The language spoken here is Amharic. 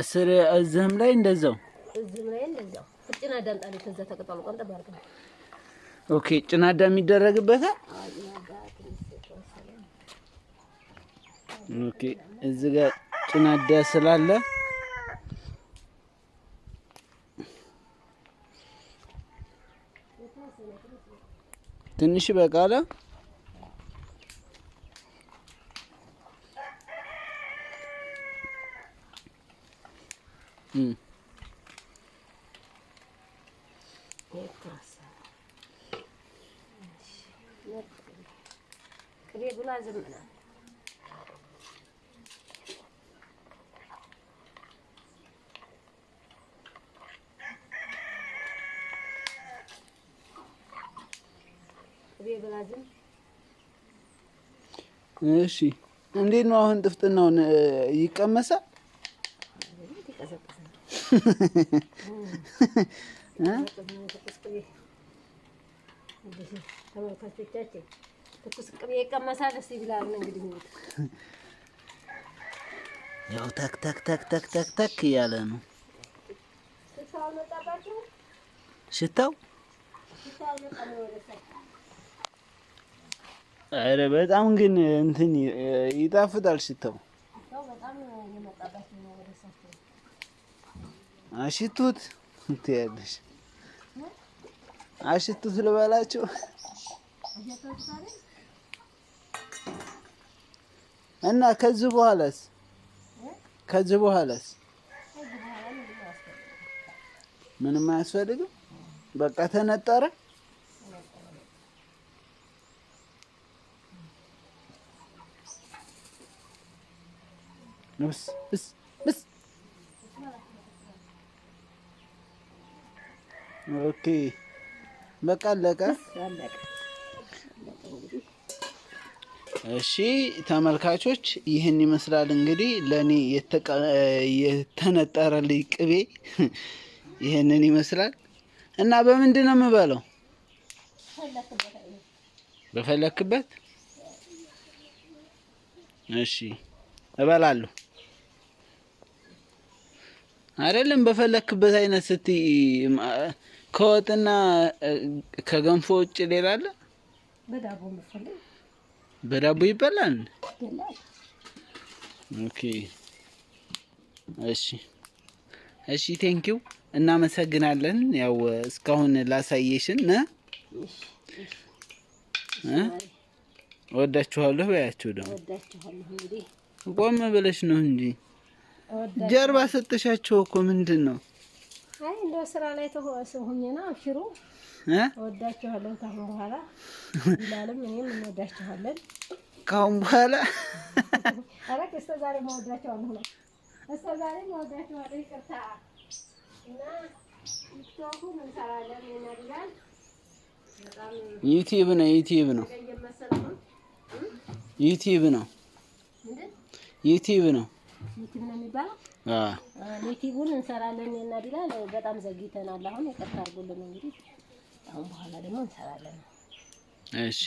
እስር እዚህም ላይ እንደዛው እዚህም ላይ እንደዛው ጭና ጭናዳ እንጣለች። ከዛ ተቀጣሉ ቆንጠ ባርክ ኦኬ። ጭና ጭናዳ የሚደረግበት ኦኬ። እዚህ ጋር ጭናዳ ስላለ ትንሽ በቃለ Mm. እሺ እንዴት ነው አሁን ጥፍጥናውን ይቀመሳል? ተመልካቾቻችን ትኩስ ቅቤ ይቀመሳል። እስኪ ብላል እንግዲህ ያው ታክ ታክ ታክ ታክ ታክ ታክ እያለ ነው ሽታው። አረ በጣም ግን እንትን ይጣፍጣል ሽታው። አሽቱት ትያለሽ። አሽቱት ልበላቸው እና ከዚህ በኋላስ ከዚህ በኋላስ ምንም አያስፈልግም። በቃ ተነጠረ። ብስ ብስ ብስ ኦኬ እሺ ተመልካቾች ይህን ይመስላል እንግዲህ ለእኔ የተነጠረልኝ ቅቤ ይህንን ይመስላል እና በምንድን ነው የምበለው? በፈለክበት እሺ እበላለሁ። አይደለም በፈለክበት አይነት ስቲ ከወጥና ከገንፎ ውጭ ሌላ አለ? በዳቦ ይበላል። ኦኬ እሺ፣ እሺ፣ ቴንኪው እናመሰግናለን። ያው እስካሁን ላሳየሽን ወዳችኋለሁ። በያችሁ ደግሞ ቆም ብለሽ ነው እንጂ ጀርባ ሰጠሻቸው እኮ ምንድን ነው? አይ እንደ ስራ ላይ ተሆሰ ነው። አሽሩ እወዳችኋለሁ። ካሁን በኋላ ይላልም እኔም እንወዳችኋለን። ካሁን በኋላ ኧረ እስከ ዛሬ መወዳችኋለሁ ነው እስከ ዛሬ መወዳችኋለሁ። ይቅርታ እና ቲክቶኩ እንሰራለን ይናድላል። ዩቲዩብ ነው ዩቲዩብ ነው ዩቲዩብ ነው ዩቲዩብ ነው ዩቲብ ነው የሚባለው። ዩቲቡን እንሰራለን እና ቢላል በጣም ዘግይተናል። አሁን ይቅርታ አድርጎልን እንግዲህ አሁን በኋላ ደግሞ እንሰራለን። እሺ